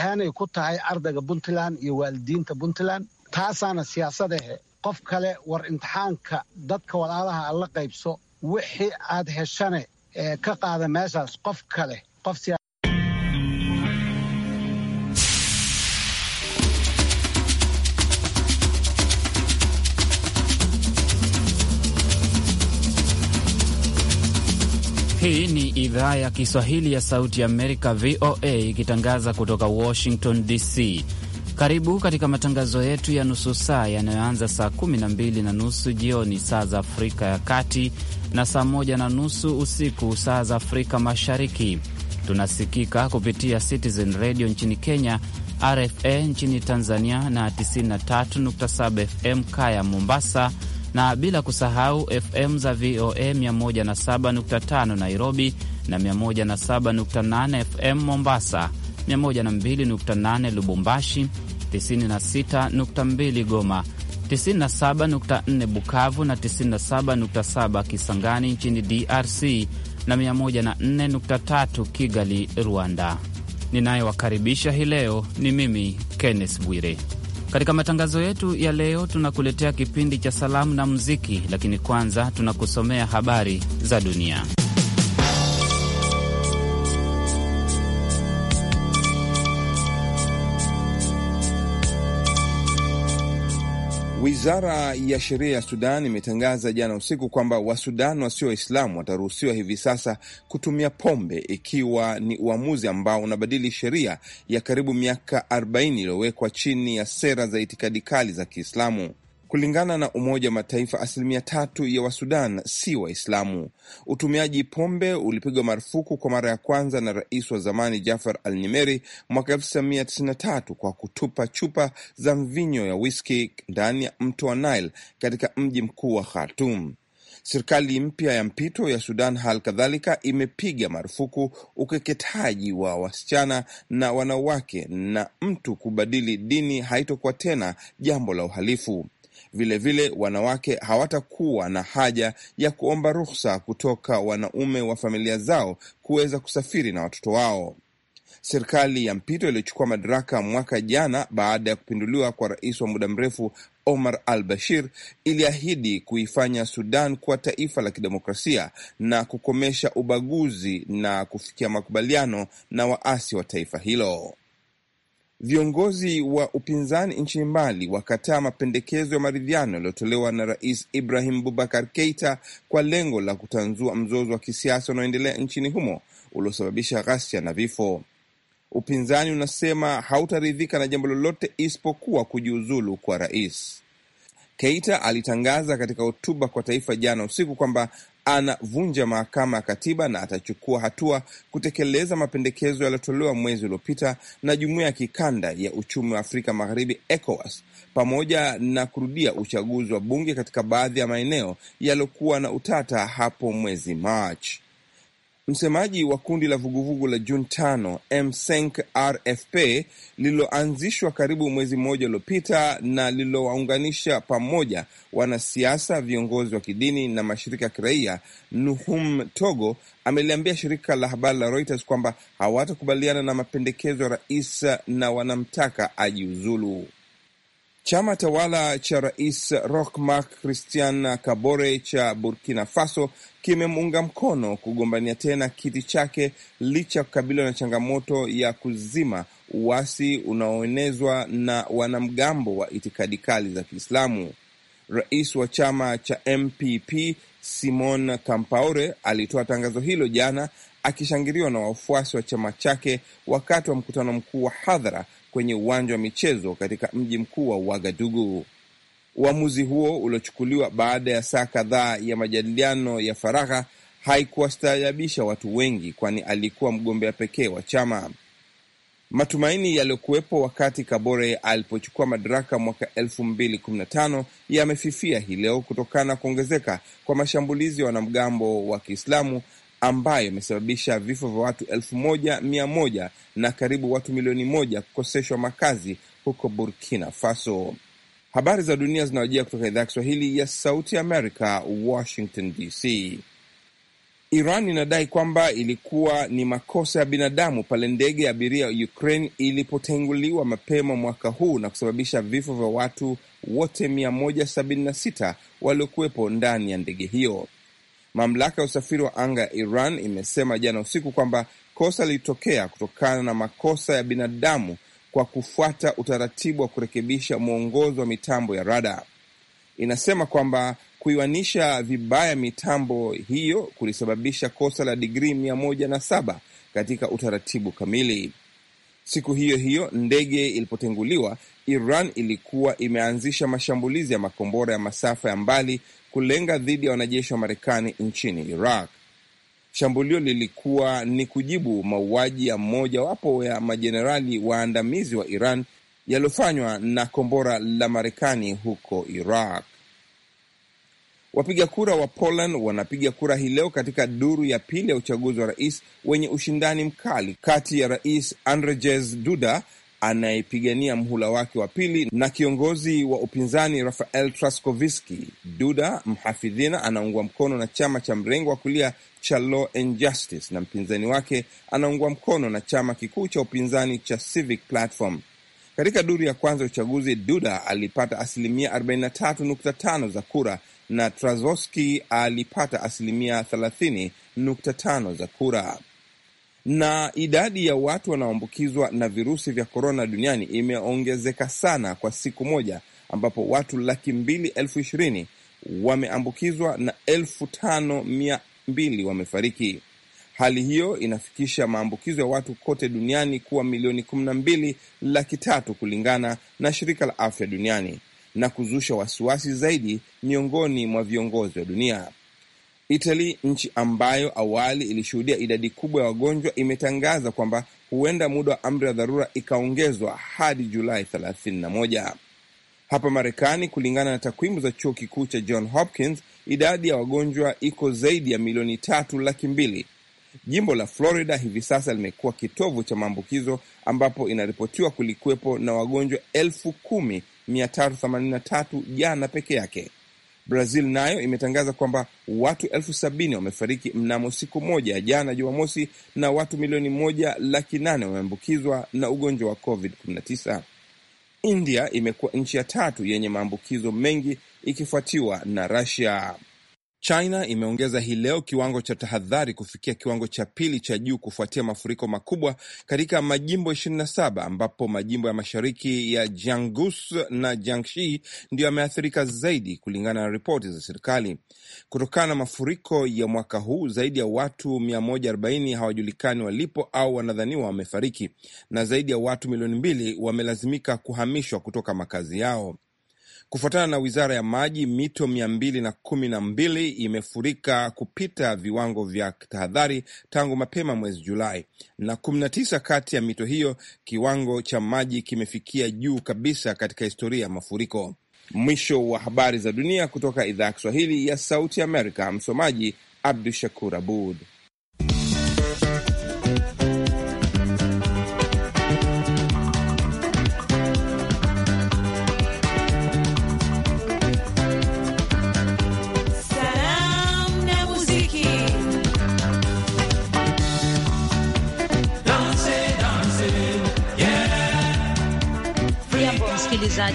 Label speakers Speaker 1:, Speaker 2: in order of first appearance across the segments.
Speaker 1: hanay ku tahay ardayga puntland iyo waalidiinta puntland taasaana siyaasad ahe qof kale war imtixaanka dadka walaalaha ah la qaybso wixii aad heshane ka qaada meeshaas qof kale qof idhaa ya Kiswahili ya Sauti ya Amerika, VOA, ikitangaza kutoka Washington DC. Karibu katika matangazo yetu ya nusu saa yanayoanza saa 12 na na nusu jioni saa za Afrika ya Kati na saa moja na nusu usiku saa za Afrika Mashariki. Tunasikika kupitia Citizen Radio nchini Kenya, RFA nchini Tanzania na 93.7 FM Kaya Mombasa, na bila kusahau FM za VOA 107.5 Nairobi na 107.8 FM Mombasa, 102.8 Lubumbashi, 96.2 Goma, 97.4 Bukavu na 97.7 Kisangani nchini DRC na 104.3 Kigali, Rwanda. Ninayewakaribisha hii leo ni mimi Kenneth Bwire. Katika matangazo yetu ya leo tunakuletea kipindi cha salamu na muziki, lakini kwanza tunakusomea habari za dunia.
Speaker 2: Wizara ya sheria ya Sudan imetangaza jana usiku kwamba Wasudan wasio Waislamu wataruhusiwa hivi sasa kutumia pombe, ikiwa ni uamuzi ambao unabadili sheria ya karibu miaka 40 iliyowekwa chini ya sera za itikadi kali za Kiislamu. Kulingana na Umoja wa Mataifa, asilimia tatu ya Wasudan si Waislamu. Utumiaji pombe ulipigwa marufuku kwa mara ya kwanza na rais wa zamani Jafar Al Nimeri mwaka 1993 kwa kutupa chupa za mvinyo ya wiski ndani ya mto wa Nile katika mji mkuu wa Khartum. Serikali mpya ya mpito ya Sudan hal kadhalika imepiga marufuku ukeketaji wa wasichana na wanawake, na mtu kubadili dini haitokuwa tena jambo la uhalifu. Vilevile vile, wanawake hawatakuwa na haja ya kuomba ruhusa kutoka wanaume wa familia zao kuweza kusafiri na watoto wao. Serikali ya mpito iliyochukua madaraka mwaka jana baada ya kupinduliwa kwa rais wa muda mrefu Omar al Bashir iliahidi kuifanya Sudan kuwa taifa la kidemokrasia na kukomesha ubaguzi na kufikia makubaliano na waasi wa taifa hilo. Viongozi wa upinzani nchini Mali wakataa mapendekezo ya maridhiano yaliyotolewa na Rais Ibrahim Bubakar Keita kwa lengo la kutanzua mzozo wa kisiasa unaoendelea nchini humo uliosababisha ghasia na vifo. Upinzani unasema hautaridhika na jambo lolote isipokuwa kujiuzulu kwa rais. Keita alitangaza katika hotuba kwa taifa jana usiku kwamba anavunja mahakama ya katiba na atachukua hatua kutekeleza mapendekezo yaliyotolewa mwezi uliopita na jumuiya ya kikanda ya uchumi wa Afrika Magharibi, ECOWAS, pamoja na kurudia uchaguzi wa bunge katika baadhi ya maeneo yaliyokuwa na utata hapo mwezi Machi. Msemaji wa kundi la vuguvugu la Juni tano Msenk RFP lililoanzishwa karibu mwezi mmoja uliopita na lililowaunganisha pamoja wanasiasa, viongozi wa kidini na mashirika ya kiraia, Nuhum Togo ameliambia shirika la habari la Reuters kwamba hawatakubaliana na mapendekezo ya rais na wanamtaka ajiuzulu. Chama tawala cha rais Roch Marc Christian Kabore cha Burkina Faso kimemuunga mkono kugombania tena kiti chake licha ya kukabiliwa na changamoto ya kuzima uasi unaoenezwa na wanamgambo wa itikadi kali za Kiislamu. Rais wa chama cha MPP Simon Kampaore alitoa tangazo hilo jana akishangiliwa na wafuasi wa chama chake wakati wa mkutano mkuu wa hadhara kwenye uwanja wa michezo katika mji mkuu wa Wagadugu. Uamuzi huo uliochukuliwa baada ya saa kadhaa ya majadiliano ya faragha haikuwastaajabisha watu wengi, kwani alikuwa mgombea pekee wa chama. Matumaini yaliyokuwepo wakati Kabore alipochukua madaraka mwaka 2015 yamefifia hii leo kutokana na kuongezeka kwa mashambulizi ya wanamgambo wa Kiislamu ambayo imesababisha vifo vya watu elfu moja mia moja na karibu watu milioni moja kukoseshwa makazi huko Burkina Faso. Habari za dunia zinawajia kutoka idhaa ya Kiswahili ya Sauti Amerika, Washington DC. Iran inadai kwamba ilikuwa ni makosa ya binadamu pale ndege ya abiria ya Ukraine ilipotenguliwa mapema mwaka huu na kusababisha vifo vya watu wote 176 waliokuwepo ndani ya ndege hiyo. Mamlaka ya usafiri wa anga ya Iran imesema jana usiku kwamba kosa lilitokea kutokana na makosa ya binadamu kwa kufuata utaratibu wa kurekebisha mwongozo wa mitambo ya rada. Inasema kwamba kuiwanisha vibaya mitambo hiyo kulisababisha kosa la digrii mia moja na saba katika utaratibu kamili. Siku hiyo hiyo ndege ilipotenguliwa, Iran ilikuwa imeanzisha mashambulizi ya makombora ya masafa ya mbali kulenga dhidi ya wanajeshi wa Marekani nchini Iraq. Shambulio lilikuwa ni kujibu mauaji ya mmojawapo ya majenerali waandamizi wa Iran yaliyofanywa na kombora la Marekani huko Iraq. Wapiga kura wa Poland wanapiga kura hii leo katika duru ya pili ya uchaguzi wa rais wenye ushindani mkali kati ya Rais Andrzej Duda anayepigania mhula wake wa pili na kiongozi wa upinzani Rafael Traskoviski. Duda Mhafidhina anaungwa mkono na chama cha mrengo wa kulia cha Law and Justice na mpinzani wake anaungwa mkono na chama kikuu cha upinzani cha Civic Platform. Katika duru ya kwanza ya uchaguzi, Duda alipata asilimia 43.5 za kura na Trazoski alipata asilimia 30.5 za kura na idadi ya watu wanaoambukizwa na virusi vya korona duniani imeongezeka sana kwa siku moja, ambapo watu laki mbili elfu ishirini wameambukizwa na elfu tano mia mbili wamefariki. Hali hiyo inafikisha maambukizo ya watu kote duniani kuwa milioni kumi na mbili laki tatu kulingana na shirika la afya duniani na kuzusha wasiwasi zaidi miongoni mwa viongozi wa dunia. Italy, nchi ambayo awali ilishuhudia idadi kubwa ya wagonjwa, imetangaza kwamba huenda muda wa amri ya dharura ikaongezwa hadi Julai 31. Hapa Marekani, kulingana na takwimu za chuo kikuu cha John Hopkins, idadi ya wagonjwa iko zaidi ya milioni tatu laki mbili. Jimbo la Florida hivi sasa limekuwa kitovu cha maambukizo ambapo inaripotiwa kulikuwepo na wagonjwa elfu kumi mia tatu themanini na tatu jana peke yake. Brazil nayo imetangaza kwamba watu elfu sabini wamefariki mnamo siku moja jana Jumamosi, na watu milioni moja laki nane wameambukizwa na ugonjwa wa COVID-19. India imekuwa nchi ya tatu yenye maambukizo mengi ikifuatiwa na Russia. China imeongeza hii leo kiwango cha tahadhari kufikia kiwango cha pili cha juu kufuatia mafuriko makubwa katika majimbo 27 ambapo majimbo ya mashariki ya Jiangsu na Jiangxi ndiyo yameathirika zaidi kulingana na ripoti za serikali. Kutokana na mafuriko ya mwaka huu, zaidi ya watu 140 hawajulikani walipo au wanadhaniwa wamefariki na zaidi ya watu milioni mbili wamelazimika kuhamishwa kutoka makazi yao. Kufuatana na wizara ya maji, mito mia mbili na kumi na mbili imefurika kupita viwango vya tahadhari tangu mapema mwezi Julai, na kumi na tisa kati ya mito hiyo kiwango cha maji kimefikia juu kabisa katika historia ya mafuriko. Mwisho wa habari za dunia kutoka idhaa ya Kiswahili ya Sauti Amerika. Msomaji Abdu Shakur Abud.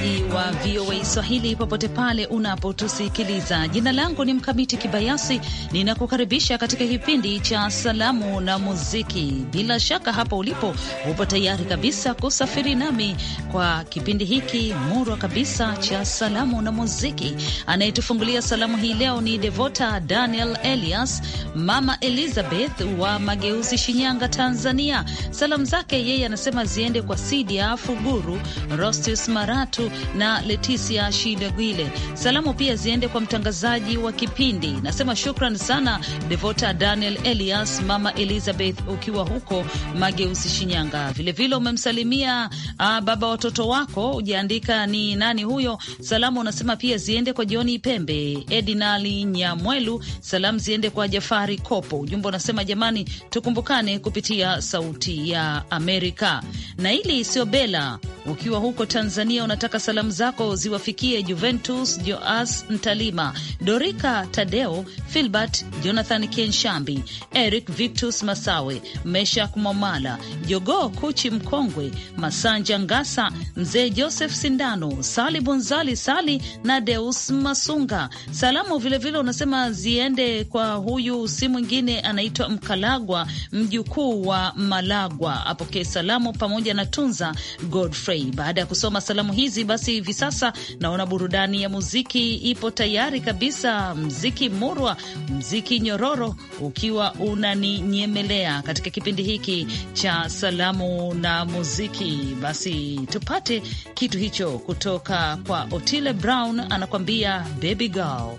Speaker 3: msikilizaji wa VOA Swahili popote pale unapotusikiliza. Jina langu ni Mkamiti Kibayasi, ninakukaribisha katika kipindi cha salamu na muziki. Bila shaka hapa ulipo upo tayari kabisa kusafiri nami kwa kipindi hiki murwa kabisa cha salamu na muziki. Anayetufungulia salamu hii leo ni Devota Daniel Elias, mama Elizabeth wa Mageuzi, Shinyanga, Tanzania. Salamu zake yeye anasema ziende kwa Sidia Fuguru, Rostius Maratu, na Leticia Shidagwile. Salamu pia ziende kwa mtangazaji wa kipindi, nasema shukran sana Devota Daniel Elias, mama Elizabeth, ukiwa huko Mageusi, Shinyanga. Vilevile umemsalimia a, ah, baba watoto wako, ujaandika ni nani huyo. Salamu unasema pia ziende kwa Joni Pembe, Edinali Nyamwelu, salamu ziende kwa Jafari Kopo. Ujumbe unasema jamani, tukumbukane kupitia Sauti ya Amerika. Na ili sio ukiwa huko Tanzania, unataka salamu zako ziwafikie Juventus Joas Ntalima, Dorika Tadeo, Filbert Jonathan Kenshambi, Eric Victus Masawe, Meshak Momala, jogo Kuchi Mkongwe, Masanja Ngasa, Mzee Joseph Sindano, Sali Bunzali Sali na Deus Masunga. Salamu vilevile vile unasema ziende kwa huyu, si mwingine anaitwa Mkalagwa, mjukuu wa Malagwa, apokee salamu pamoja na Tunza Godfrey. Baada ya kusoma salamu hizi basi hivi sasa naona burudani ya muziki ipo tayari kabisa, mziki murwa, mziki nyororo ukiwa unaninyemelea katika kipindi hiki cha salamu na muziki. Basi tupate kitu hicho kutoka kwa Otile Brown, anakuambia baby girl.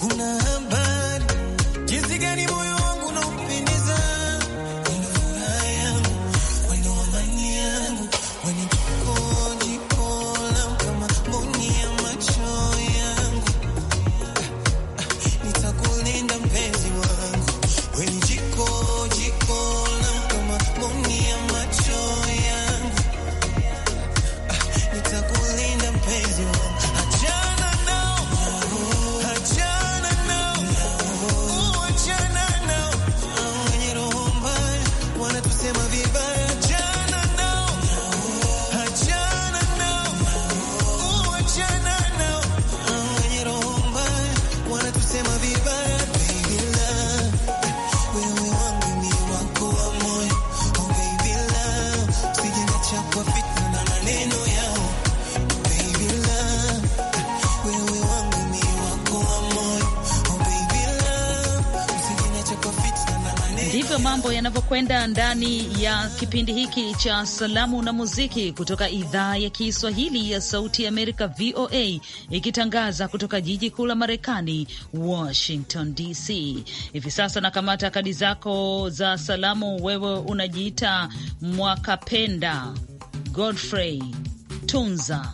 Speaker 3: Una mambo yanavyokwenda ndani ya kipindi hiki cha salamu na muziki kutoka idhaa ya Kiswahili ya Sauti ya Amerika, VOA, ikitangaza kutoka jiji kuu la Marekani, Washington DC. Hivi sasa nakamata kadi zako za salamu. Wewe unajiita Mwakapenda Godfrey Tunza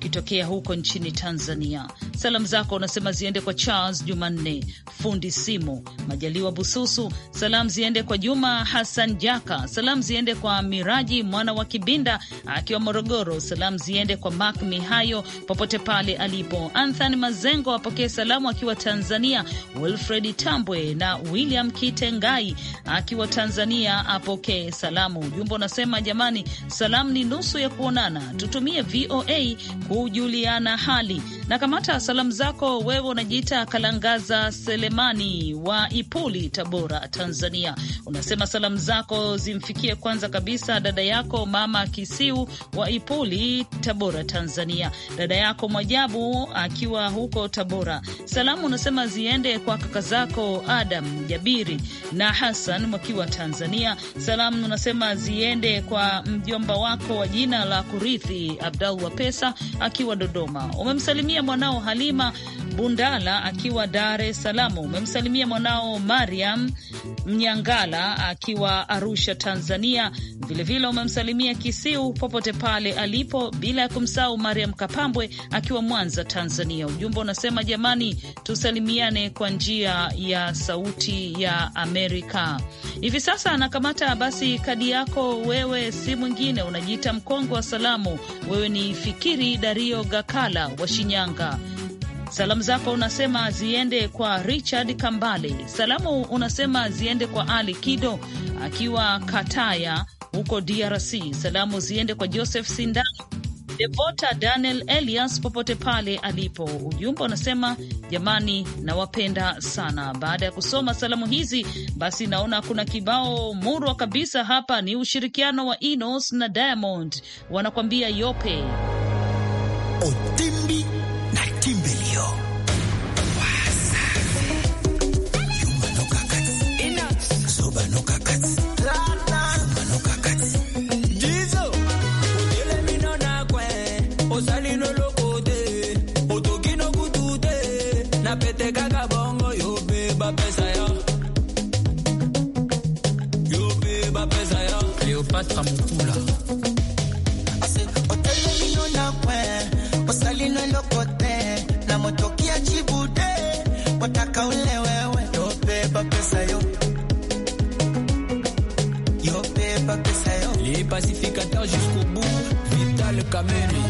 Speaker 3: ukitokea huko nchini Tanzania. Salamu zako unasema ziende kwa Charles Jumanne fundi simu Majaliwa Bususu. Salamu ziende kwa Juma Hassan Jaka. Salamu ziende kwa Miraji mwana wa Kibinda akiwa Morogoro. Salamu ziende kwa Mak Mihayo popote pale alipo. Anthony Mazengo apokee salamu akiwa Tanzania. Wilfred Tambwe na William Kitengai akiwa Tanzania apokee salamu. Ujumbe unasema jamani, salamu ni nusu ya kuonana, tutumie VOA juliana hali na kamata salamu zako. Wewe unajiita Kalangaza Selemani wa Ipuli, Tabora, Tanzania. Unasema salamu zako zimfikie kwanza kabisa dada yako mama Kisiu wa Ipuli, Tabora, Tanzania, dada yako Mwajabu akiwa huko Tabora. Salamu unasema ziende kwa kaka zako Adam Jabiri na Hasan wakiwa Tanzania. Salamu unasema ziende kwa mjomba wako wa jina la kurithi Abdallah Pesa akiwa Dodoma. Umemsalimia mwanao Halima Bundala akiwa Dar es Salaam. Umemsalimia mwanao Mariam Mnyangala akiwa Arusha, Tanzania. Vilevile umemsalimia Kisiu popote pale alipo, bila ya kumsahau Mariam Kapambwe akiwa Mwanza, Tanzania. Ujumbe unasema jamani, tusalimiane kwa njia ya Sauti ya Amerika hivi sasa anakamata basi kadi yako. Wewe si mwingine, unajiita mkongwe wa salamu. Wewe ni Fikiri Dario Gakala wa Shinyanga. Salamu zako unasema ziende kwa Richard Kambale. Salamu unasema ziende kwa Ali Kido akiwa Kataya huko DRC. Salamu ziende kwa Joseph Sindano Devota Daniel Elias popote pale alipo. Ujumbe unasema jamani, nawapenda sana. Baada ya kusoma salamu hizi, basi naona kuna kibao murwa kabisa hapa. Ni ushirikiano wa Inos na Diamond, wanakwambia yope otimbi na timbilio
Speaker 4: kaka bongo
Speaker 5: Les pacificateurs jusqu'au bout
Speaker 4: Vital Kameni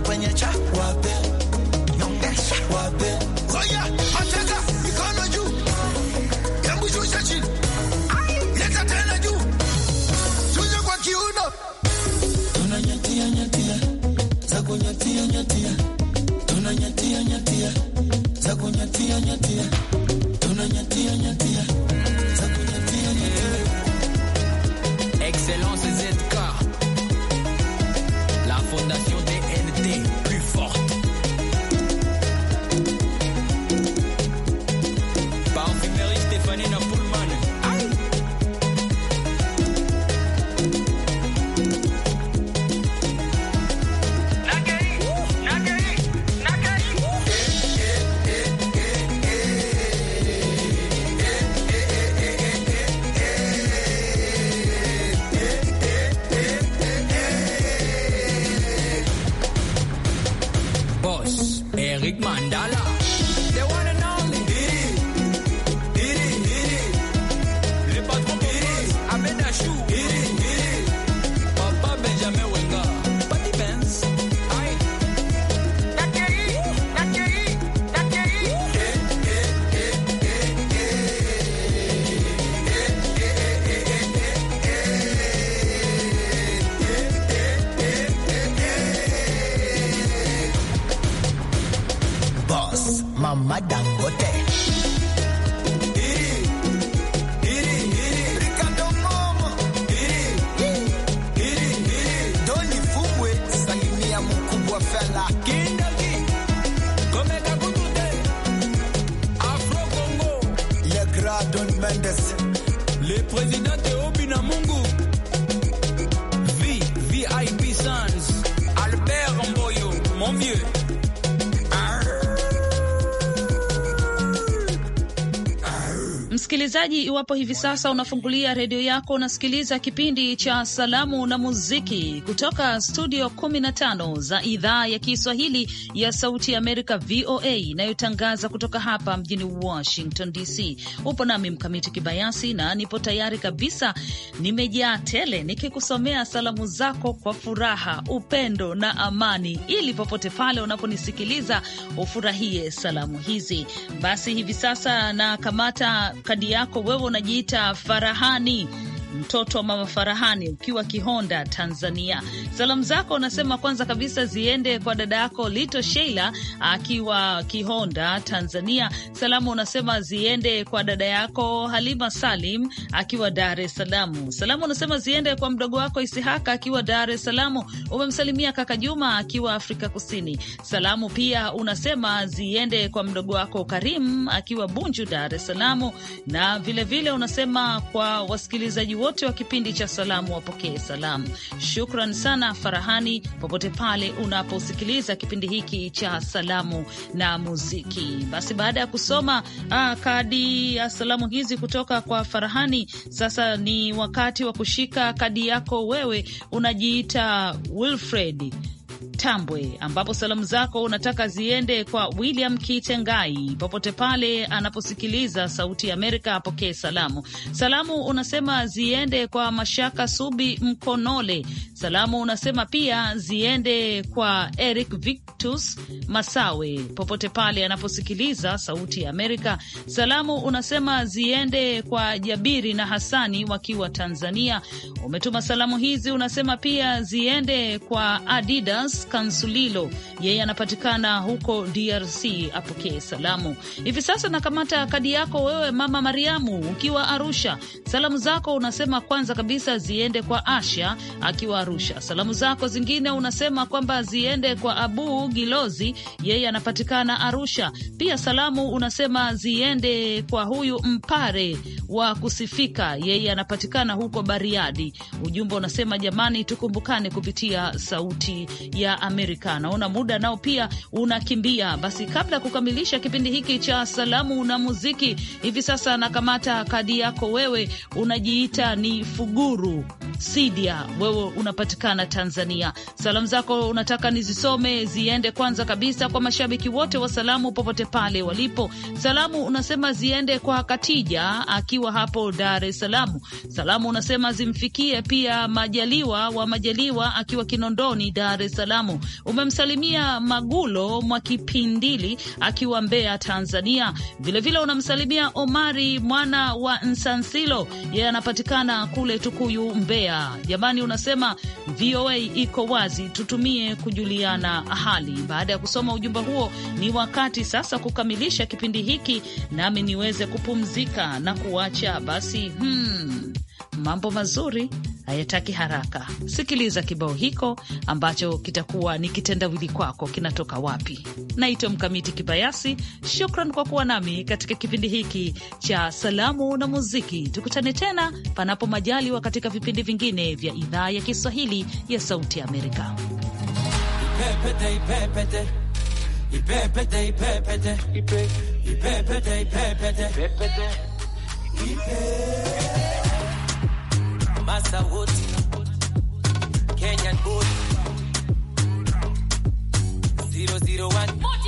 Speaker 5: kuingia kwenye cha wape nyongesha wape oya mateka mikono juu hebu shusha chini leta tena juu shusha kwa kiuno tuna nyatia nyatia za kunyatia nyatia tuna nyatia nyatia za kunyatia nyatia
Speaker 4: Mendes, le président de
Speaker 3: Msikilizaji, iwapo hivi sasa unafungulia redio yako, unasikiliza kipindi cha Salamu na Muziki kutoka studio 15 za idhaa ya Kiswahili ya Sauti ya Amerika, VOA, inayotangaza kutoka hapa mjini Washington DC. Upo nami Mkamiti Kibayasi na nipo tayari kabisa, nimejaa tele nikikusomea salamu zako kwa furaha, upendo na amani, ili popote pale unaponisikiliza ufurahie salamu hizi. Basi hivi sasa na kamata kadi yako, wewe unajiita Farahani mtoto wa mama Farahani ukiwa Kihonda, Tanzania. Salamu zako unasema kwanza kabisa ziende kwa dada yako Lito Sheila akiwa Kihonda, Tanzania. Salamu unasema ziende kwa dada yako Halima Salim akiwa Dar es Salaam. Salamu unasema ziende kwa mdogo wako Isihaka akiwa Dar es Salaam. Umemsalimia kaka Juma akiwa Afrika Kusini. Salamu pia unasema ziende kwa mdogo wako Karim akiwa Bunju, Dar es Salaam, na vilevile vile unasema kwa wasikilizaji wote wa kipindi cha salamu wapokee salamu. Shukran sana Farahani, popote pale unaposikiliza kipindi hiki cha salamu na muziki. Basi baada ya kusoma ah, kadi ya salamu hizi kutoka kwa Farahani, sasa ni wakati wa kushika kadi yako wewe. Unajiita Wilfred Tambwe, ambapo salamu zako unataka ziende kwa William Kitengai popote pale anaposikiliza Sauti ya Amerika, apokee salamu. Salamu unasema ziende kwa Mashaka Subi Mkonole. Salamu unasema pia ziende kwa Eric Victus Masawe popote pale anaposikiliza Sauti ya Amerika. Salamu unasema ziende kwa Jabiri na Hasani wakiwa Tanzania. Umetuma salamu hizi unasema pia ziende kwa Adidas Kansulilo, yeye anapatikana huko DRC, apokee salamu hivi sasa. Nakamata kadi yako wewe, Mama Mariamu, ukiwa Arusha. Salamu zako unasema kwanza kabisa ziende kwa Asha akiwa Arusha. Salamu zako zingine unasema kwamba ziende kwa Abu Gilozi, yeye anapatikana Arusha. Pia salamu unasema ziende kwa huyu Mpare wa kusifika, yeye anapatikana huko Bariadi. Ujumbe unasema jamani, tukumbukane kupitia sauti ya Amerika. Naona muda nao pia unakimbia. Basi kabla ya kukamilisha kipindi hiki cha salamu na muziki, hivi sasa nakamata kadi yako wewe, unajiita ni Fuguru Sidia, wewe unapatikana Tanzania. Salamu zako unataka nizisome, ziende kwanza kabisa kwa mashabiki wote wa salamu popote pale walipo. Salamu unasema ziende kwa Katija akiwa hapo Dar es Salaam. Salamu unasema zimfikie pia Majaliwa wa Majaliwa akiwa Kinondoni, Dar es Salaam. Umemsalimia Magulo mwa Kipindili akiwa Mbeya, Tanzania. Vilevile unamsalimia Omari mwana wa Nsansilo, yeye anapatikana kule Tukuyu, Mbeya kuendelea. Jamani, unasema VOA iko wazi, tutumie kujuliana hali. Baada ya kusoma ujumbe huo, ni wakati sasa kukamilisha kipindi hiki, nami niweze kupumzika na kuacha basi. hmm. Mambo mazuri hayataki haraka. Sikiliza kibao hiko ambacho kitakuwa ni kitendawili kwako, kinatoka wapi? Naitwa Mkamiti Kibayasi. Shukran kwa kuwa nami katika kipindi hiki cha salamu na muziki. Tukutane tena panapo majaliwa katika vipindi vingine vya idhaa ya Kiswahili ya Sauti ya Amerika.
Speaker 4: Ipepete, ipepete. Ipepete, ipepete. Ipepete,
Speaker 5: ipepete. Ipepete. Ipepete. hasa wote Kenyan boy 001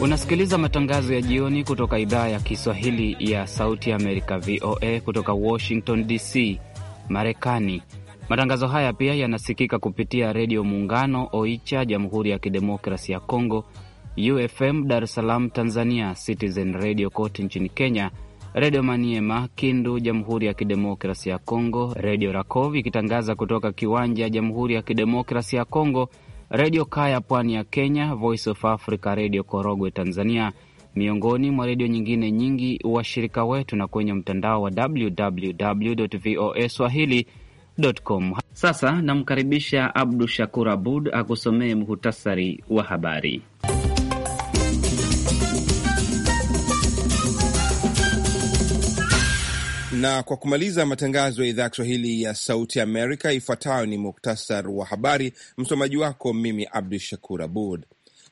Speaker 1: Unasikiliza matangazo ya jioni kutoka idhaa ya Kiswahili ya Sauti ya Amerika, VOA, kutoka Washington DC, Marekani. Matangazo haya pia yanasikika kupitia Redio Muungano Oicha, Jamhuri ya Kidemokrasi ya Kongo, UFM Dar es Salaam Tanzania, Citizen Radio kote nchini Kenya, Redio Maniema Kindu, Jamhuri ya Kidemokrasi ya Kongo, Redio Rakov ikitangaza kutoka Kiwanja, Jamhuri ya Kidemokrasi ya Kongo, Redio Kaya pwani ya Kenya, Voice of Africa, Redio Korogwe Tanzania, miongoni mwa redio nyingine nyingi washirika wetu, na kwenye mtandao wa www voa com. Sasa namkaribisha Abdu Shakur Abud akusomee muhutasari wa habari.
Speaker 2: Na kwa kumaliza matangazo ya idhaa ya Kiswahili ya Sauti Amerika, ifuatayo ni muktasar wa habari. Msomaji wako mimi Abdu Shakur Abud.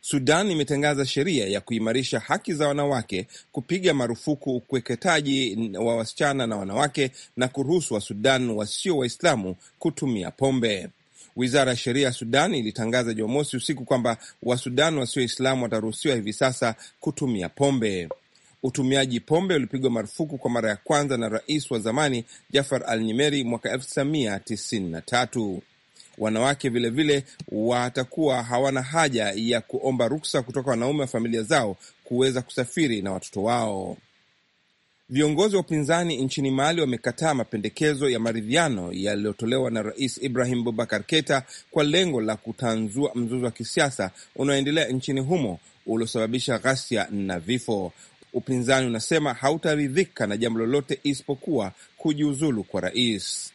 Speaker 2: Sudan imetangaza sheria ya kuimarisha haki za wanawake, kupiga marufuku ukweketaji wa wasichana na wanawake na kuruhusu wa Sudan wasio Waislamu kutumia pombe. Wizara ya sheria ya Sudan ilitangaza Jumamosi usiku kwamba Wasudan wasio Waislamu wataruhusiwa hivi sasa kutumia pombe. Utumiaji pombe ulipigwa marufuku kwa mara ya kwanza na rais wa zamani Jafar Al Nimeri mwaka 1993. Wanawake vilevile watakuwa hawana haja ya kuomba ruksa kutoka wanaume wa familia zao kuweza kusafiri na watoto wao. Viongozi wa upinzani nchini Mali wamekataa mapendekezo ya maridhiano yaliyotolewa na rais Ibrahim bubakar keta kwa lengo la kutanzua mzozo wa kisiasa unaoendelea nchini humo uliosababisha ghasia na vifo. Upinzani unasema hautaridhika na jambo lolote isipokuwa kujiuzulu kwa rais.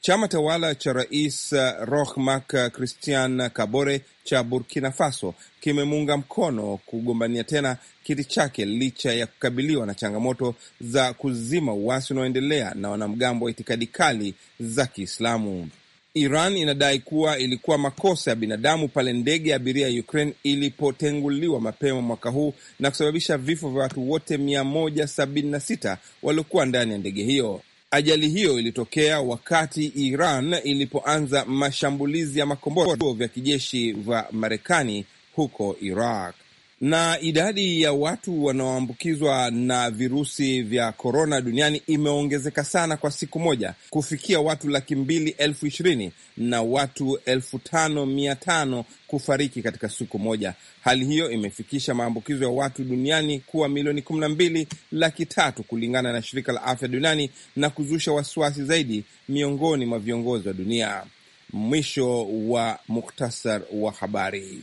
Speaker 2: Chama tawala cha rais uh, Roch uh, Marc Christian Kabore cha Burkina Faso kimemuunga mkono kugombania tena kiti chake licha ya kukabiliwa na changamoto za kuzima uasi unaoendelea na wanamgambo wa itikadi kali za Kiislamu. Iran inadai kuwa ilikuwa makosa ya binadamu pale ndege ya abiria ya Ukraine ilipotenguliwa mapema mwaka huu na kusababisha vifo vya watu wote 176 waliokuwa ndani ya ndege hiyo. Ajali hiyo ilitokea wakati Iran ilipoanza mashambulizi ya makombora vya kijeshi vya Marekani huko Iraq. Na idadi ya watu wanaoambukizwa na virusi vya korona duniani imeongezeka sana kwa siku moja kufikia watu laki mbili elfu ishirini na watu elfu tano mia tano kufariki katika siku moja. Hali hiyo imefikisha maambukizo ya watu duniani kuwa milioni kumi na mbili laki tatu kulingana na shirika la afya duniani na kuzusha wasiwasi zaidi miongoni mwa viongozi wa dunia. Mwisho wa muktasar wa habari